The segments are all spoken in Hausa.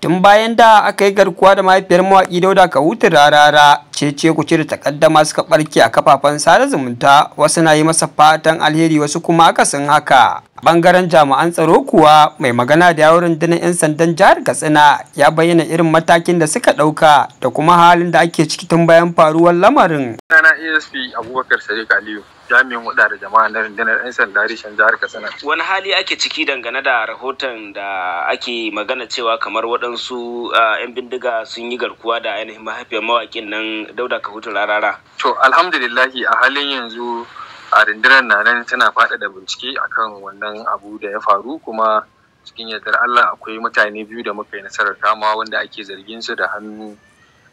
tun bayan da aka yi garkuwa da mahaifiyar mawaƙi dauda hutu rarara cece ku cire takaddama suka barke a kafafen sada zumunta wasu na yi masa fatan alheri wasu kuma akasin haka bangaren jami'an tsaro kuwa mai magana da yawon rundunar 'yan sandan jihar katsina ya bayyana irin matakin da suka ɗauka da kuma halin da ake ciki tun bayan faruwar lamarin. Abubakar Aliyu jami'in wada da jama'a na rundunar 'yan sanda rishon jihar katsina wani hali ake ciki dangane da rahoton da ake magana cewa kamar waɗansu 'yan bindiga sun yi garkuwa da ainihin mahaifiyar mawakin nan dauda kahutu rarara to alhamdulillahi a halin yanzu a rundunar na nan tana faɗaɗa bincike akan wannan abu da ya faru kuma cikin yardar Allah akwai mutane biyu da muka yi nasarar kama wanda ake zargin su da hannu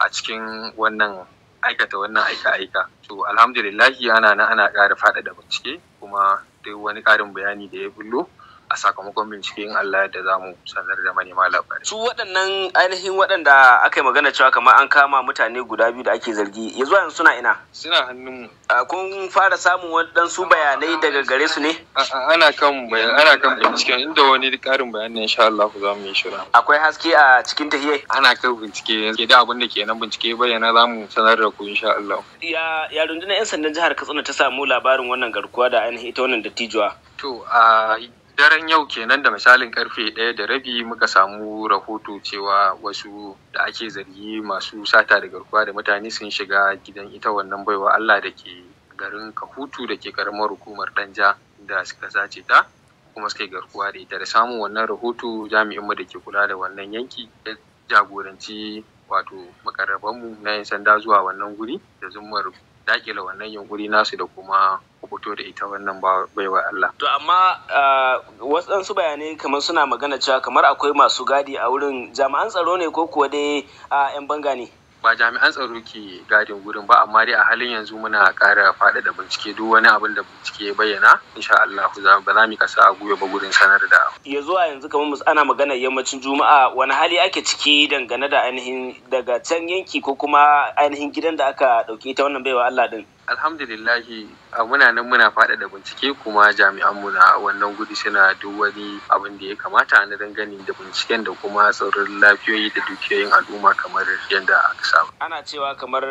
a cikin wannan aikata wannan aika-aika to alhamdulillah ana nan ana ƙara faɗaɗa bincike kuma duk wani ƙarin bayani da ya bullo a sakamakon binciken Allah da za mu sanar da manema labarai. Su waɗannan ainihin waɗanda aka yi magana cewa kamar an kama mutane guda biyu da ake zargi ya zuwa yanzu suna ina? Suna mu. Kun fara samun waɗansu bayanai daga gare su ne? Ana kan ana kan bincike inda wani ƙarin bayanin insha Allah za mu yi shira. Akwai haske a cikin tahiye? Ana kan bincike ke da abin da ke nan bincike bayyana za mu sanar da ku insha Allah. Ya ya rundunar 'yan sandan jihar Katsina ta samu labarin wannan garkuwa da ainihin ita wannan dattijuwa. To a daren yau kenan da misalin karfe ɗaya da rabi muka samu rahoto cewa wasu da ake zargi masu sata da garkuwa da mutane sun shiga gidan ita wannan baiwa Allah da ke garin Kahutu da ke karamar hukumar Danja da suka sace ta kuma suka yi garkuwa da ita da samun wannan rahoto jami'inmu da ke kula da wannan yanki ya jagoranci wato makarabanmu na 'yan sanda zuwa wannan guri da zumar dakila wannan yunkuri nasu da kuma kubuto da ita wannan baiwa Allah. To amma uh, wasu bayanai kamar suna magana cewa kamar akwai masu gadi a wurin jami'an tsaro ne ko kuwa dai uh, 'yan banga ne? ba jami'an tsaro ke gadin gurin ba amma dai a halin yanzu muna ƙara faɗaɗa bincike duk wani abin da bincike ya bayyana insha Allah ba za mu kasa a gwiwa ba gurin sanar da ya zuwa yanzu kamar ana magana yammacin juma'a wani hali ake ciki dangane da ainihin daga can yanki ko kuma ainihin gidan da aka ɗauke ta wannan baiwa Allah din alhamdulillahi a muna nan muna faɗaɗa bincike kuma jami'an mu na wannan gudu suna duk wani abin da ya kamata a na dangane da binciken da kuma tsaron lafiyoyi da dukiyoyin al'umma kamar yadda aka saba. Ana cewa kamar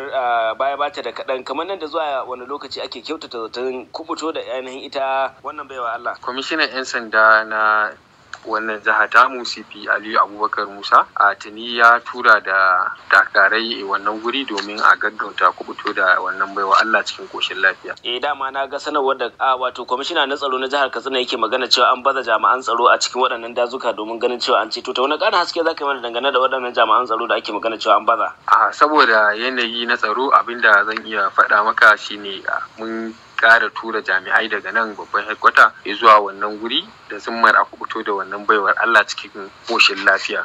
baya bata da kaɗan kamar nan da zuwa wani lokaci ake kyautata zaton kubuto da ainihin ita wannan baiwa Allah. Kwamishinan 'yan sanda na wannan jiha ta musifi aliyu abubakar musa a tuni ya tura da dakarai wannan guri domin a gaggauta fito da wannan baiwa allah cikin koshin lafiya eh dama na ga sanarwar da a wato kwamishina na tsaro na jihar katsina yake magana cewa an baza jami'an tsaro a cikin waɗannan dazuka domin ganin cewa an ceto ta wani ƙarin haske za ka yi mana dangane da waɗannan jami'an tsaro da ake magana cewa an baza a saboda yanayi na tsaro abinda zan iya faɗa maka shine mun kara tura jami'ai daga nan babban ya zuwa wannan guri da zimmar a kubuto da wannan baiwar Allah cikin koshin lafiya.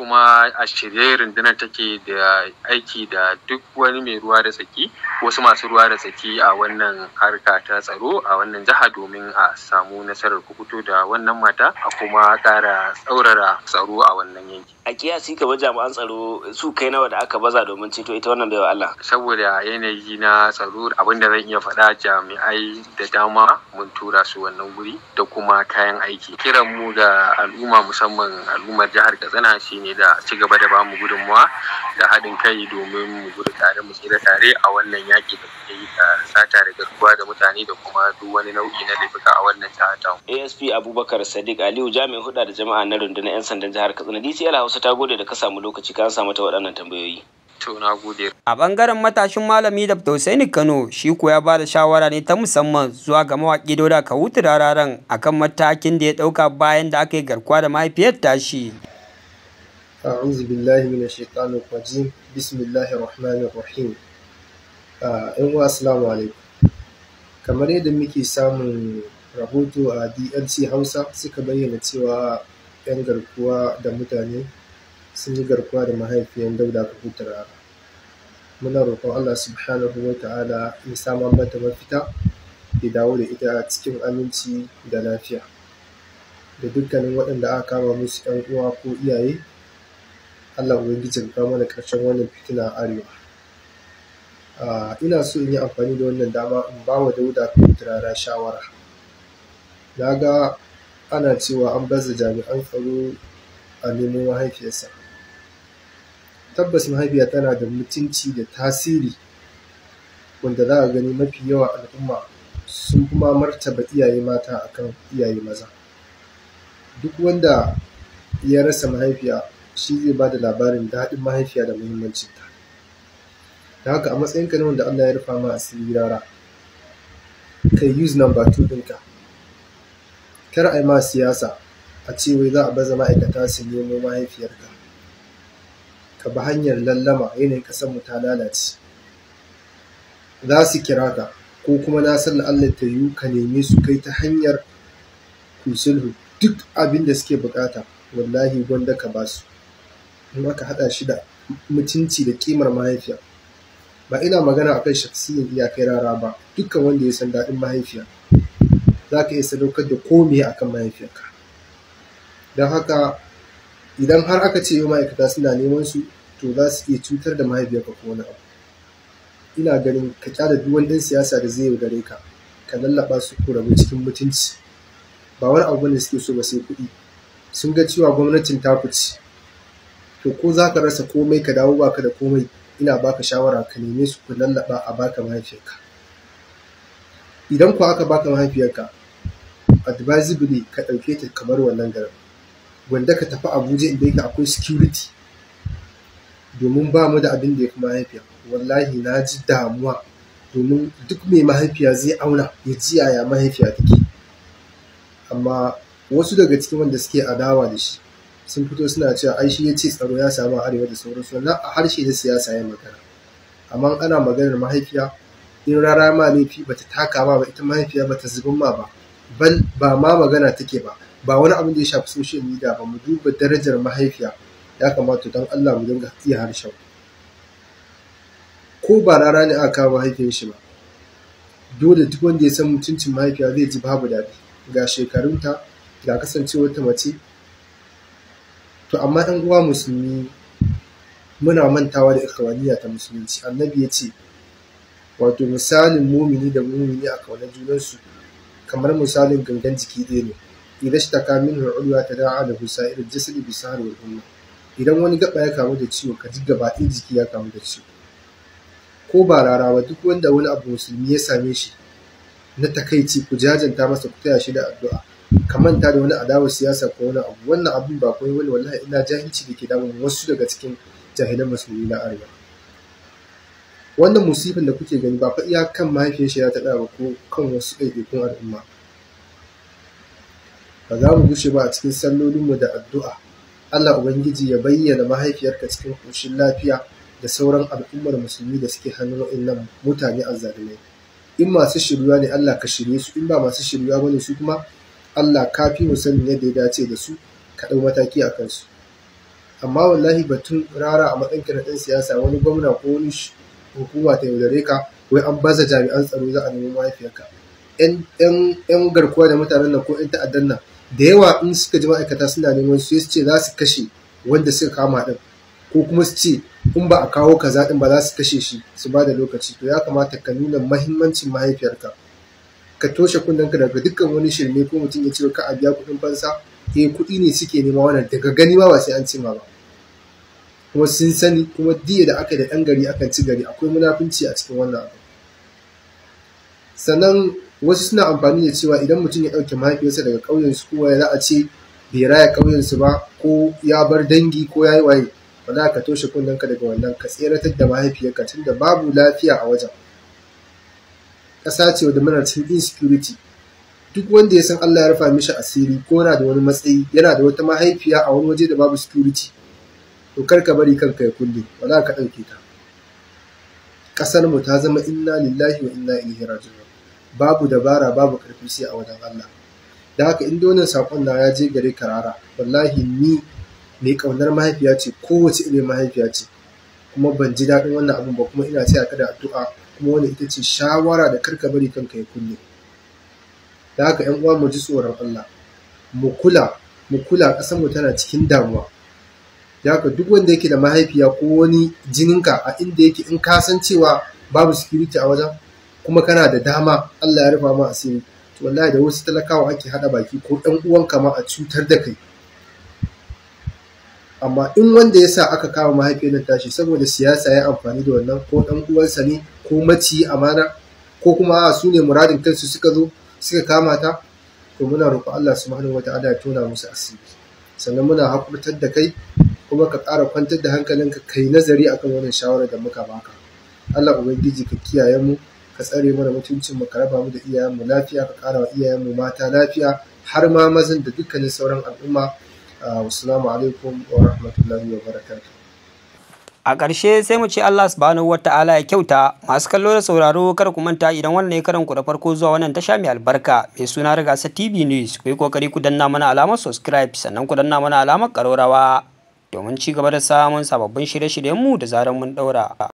Kuma a shirye rundunar take da aiki da duk wani mai ruwa da tsaki wasu masu ruwa da tsaki a wannan harka ta tsaro a wannan jiha domin a samu nasarar kubuto da wannan mata a kuma kara tsaurara tsaro a wannan yanki. A kiyasi kamar jami'an tsaro su kai nawa da aka baza domin ceto ita wannan baiwar Allah. Saboda yanayi na tsaro abinda zan iya faɗa jami'ai da dama mun tura su wannan guri da kuma kayan aiki kiran mu da al'umma musamman al'ummar jihar katsina shine da ci gaba da bamu gudunmawa da haɗin kai domin mu gudu tare mu tsira tare a wannan yaƙi da kuke yi da sata da garkuwa da mutane da kuma duk wani nau'i na laifuka a wannan jihar ta asp abubakar sadiq aliyu jami'in huda da jama'a na rundunar 'yan sandan jihar katsina dcl hausa ta gode da ka samu lokaci ka samu ta waɗannan tambayoyi To gode. A bangaren matashin malami da Hussaini Kano shi ko ya bada shawara ne ta musamman zuwa ga mawaƙi Dauda Kawutu Rararen akan matakin da ya ɗauka bayan da aka yi garkuwa da mahaifiyar tashi. أعوذ بالله من الشيطان الرجيم بسم الله الرحمن in إن السلام عليكم kamar yadda muke samun rahoto a dlc hausa suka bayyana cewa 'yan garkuwa da mutane sun yi garkuwa da mahaifiyar dauda kabutar muna roƙon Allah subhanahu wa ta'ala ya samar mata mafita ya dawo da ita cikin aminci da lafiya da dukkanin waɗanda aka kama musu ‘yan uwa ko iyaye Allah ubangiji ka mana ƙarshen wannan fitina a arewa ina so in yi amfani da wannan dama in ba wa dauda turara shawara na ga ana cewa an baza jami'an tsaro a neman mahaifiyarsa tabbas mahaifiya tana da mutunci da tasiri wanda za a gani mafi yawa al'umma sun kuma martaba iyaye mata akan iyaye maza duk wanda ya rasa mahaifiya shi zai ba da labarin daɗin mahaifiya da muhimmancinta da haka a matsayinka na wanda Allah ya rufa ma asiri rara ka use number two ɗinka kar a yi ma siyasa a ce wai za a baza ma'aikata su nemo mahaifiyarka ka bi hanyar lallama yanayin mu ta lalace za su kira ka ko kuma na san Allah ta yiwu ka neme su kai ta hanyar kusurhu sulhu duk abin da suke bukata wallahi gwanda ka ba su in aka haɗa shi da mutunci da kimar mahaifiya ba ina magana akan shaksiyin iyakai rara ba dukkan wanda ya san daɗin mahaifiya za ka iya sadaukar da komai akan mahaifiyarka don haka idan har aka ce wa ma'aikata suna neman su to za su iya cutar da mahaifiyarka ko wani abu ina ganin ka kyara duk wani siyasa da zai gare ka ka lallaba su ko rabu cikin mutunci ba wani abu ne suke so ba sai kuɗi sun ga cewa gwamnatin ta kuci to ko za ka rasa komai ka dawo baka da komai ina baka shawara ka neme su ku lallaba a baka mahaifiyarka idan ku aka baka mahaifiyarka advisably ka ɗauke ta kamar wannan garin wanda ka tafi abuja inda yake akwai security domin ba mu da abin da ya fi mahaifiya wallahi na ji damuwa domin duk mai mahaifiya zai auna ya ji yaya mahaifiya take amma wasu daga cikin wanda suke adawa da shi sun fito suna cewa ai shi ya ce tsaro ya samu arewa da sauransu na harshe da siyasa ya magana amma ana maganar mahaifiya in rara ma laifi bata taka ma ba ita mahaifiya bata zubin ma ba ba ma magana take ba ba wani abin da ya shafi social media ba mu duba darajar mahaifiya ya kamata don Allah mu dinga iya harshen ko ba rara ne aka kawo mahaifiyar shi ba dole duk wanda ya san mutuncin mahaifiya zai ji babu daɗi ga shekarunta ga kasancewar ta mace to amma ɗan uwa musulmi muna mantawa da ikawaniya ta musulunci annabi ya ce wato misalin mumini da mumini a kaunar junansu kamar misalin gangan jiki ɗaya ne Idan shi إذا اشتكى ta العليا تداعى له سائر الجسد بالسهر umma idan wani gaba ya kamu da ciwo ka ji gaba ɗaya jiki ya kamu da ciwo ko ba rarawa duk wanda wani abu musulmi ya same shi na takaici ku jajanta masa ku taya shi da addu'a ka manta da wani adawar siyasa ko wani abu wannan abun ba kawai wani wallahi ina jahilci da ke wasu daga cikin jahilan musulmi na arewa wannan musibin da kuke gani ba fa iya kan mahaifiyar shi ya taɗa ba ko kan wasu ɗaiɗaikun al'umma ba za mu gushe ba a cikin sallolinmu da addu'a Allah Ubangiji ya bayyana mahaifiyarka cikin ƙoshin lafiya da sauran al'ummar musulmi da suke hannun wa'innan mutane azzalumai in masu shiryuwa ne Allah ka shirye su in ba masu shiryuwa bane su kuma Allah ka fi mu sanin yadda ya dace da su ka ɗau mataki a kansu amma wallahi batun rara a matsayinka na ɗan siyasa wani gwamna ko wani hukuma ta yaudare ka wai an baza jami'an tsaro za a nemi mahaifiyarka yan garkuwa da mutanen nan ko yan ta'addan nan da yawa in suka ji ma'aikata suna neman su su ce za su kashe wanda suka kama din ko kuma su ce in ba a kawo kaza din ba za su kashe shi su ba da lokaci to ya kamata ka nuna mahimmancin mahaifiyarka ka toshe ka daga dukkan wani shirme ko mutum ya ce ka a biya kuɗin fansa eh kuɗi ne suke nema wannan daga gani ma ba sai an cima ba kuma sun sani kuma diya da aka da ɗan gari akan ci gari akwai munafunci a cikin wannan abu sannan wasu suna amfani da cewa idan mutum ya ɗauke mahaifiyarsa daga ƙauyen su kowa za a ce bai raya ƙauyen su ba ko ya bar dangi ko ya yi waye ba za ka toshe ka daga wannan ka tseratar da mahaifiyarka tunda babu lafiya a wajen ƙasa ce wadda muna cikin insecurity duk wanda ya san Allah ya rufa mishi asiri ko yana da wani matsayi yana da wata mahaifiya a wani waje da babu security to kar ka bari kanka ya kulle wala ka ɗauke ta ƙasar ta zama inna lillahi wa inna ilaihi raji'un babu dabara babu karfi sai a wajen Allah da haka in donan sakon na ya je gare karara wallahi ni mai kaunar mahaifiya ce kowace irin mahaifiya ce kuma ban ji daɗin wannan abin ba kuma ina taya kada addu'a kuma wannan ita ce shawara da karka bari kanka ya kulle da haka yan uwa mu ji tsoron Allah mu kula mu kula ƙasar mu tana cikin damuwa da haka duk wanda yake da mahaifiya ko wani jininka a inda yake in ka san cewa babu security a wajen kuma kana da dama Allah ya rufa ma asiri to wallahi da wasu talakawa ake hada baki ko dan uwanka ma a cutar da kai amma in wanda ya sa aka kama mahaifiyar tashi saboda siyasa ya amfani da wannan ko dan uwansa ne ko maci amana ko kuma a su ne muradin kansu suka zo suka kama ta to muna roƙo Allah subhanahu wata'ala ya tona musu asiri sannan muna hakurtar da kai kuma ka ƙara kwantar da hankalinka kai nazari akan wannan shawarar da muka baka Allah ubangiji ka kiyaye mu ka tsare mana mutuncin mu ka raba mu da iyayen mu lafiya ka ƙara wa iyayen mu mata lafiya har ma mazan da dukkanin sauran al'umma uh, assalamu alaikum wa rahmatullahi wa barakatuh a ƙarshe sai mu ce Allah subhanahu wata'ala ya kyauta masu kallo da sauraro kar ku manta idan wannan ya karanku da farko zuwa wannan tasha mai albarka mai suna sa tv news ku yi kokari ku danna mana alamar subscribe sannan ku danna mana alamar karorawa domin ci gaba da samun sababbin shirye shiryen mu da zarar mun ɗaura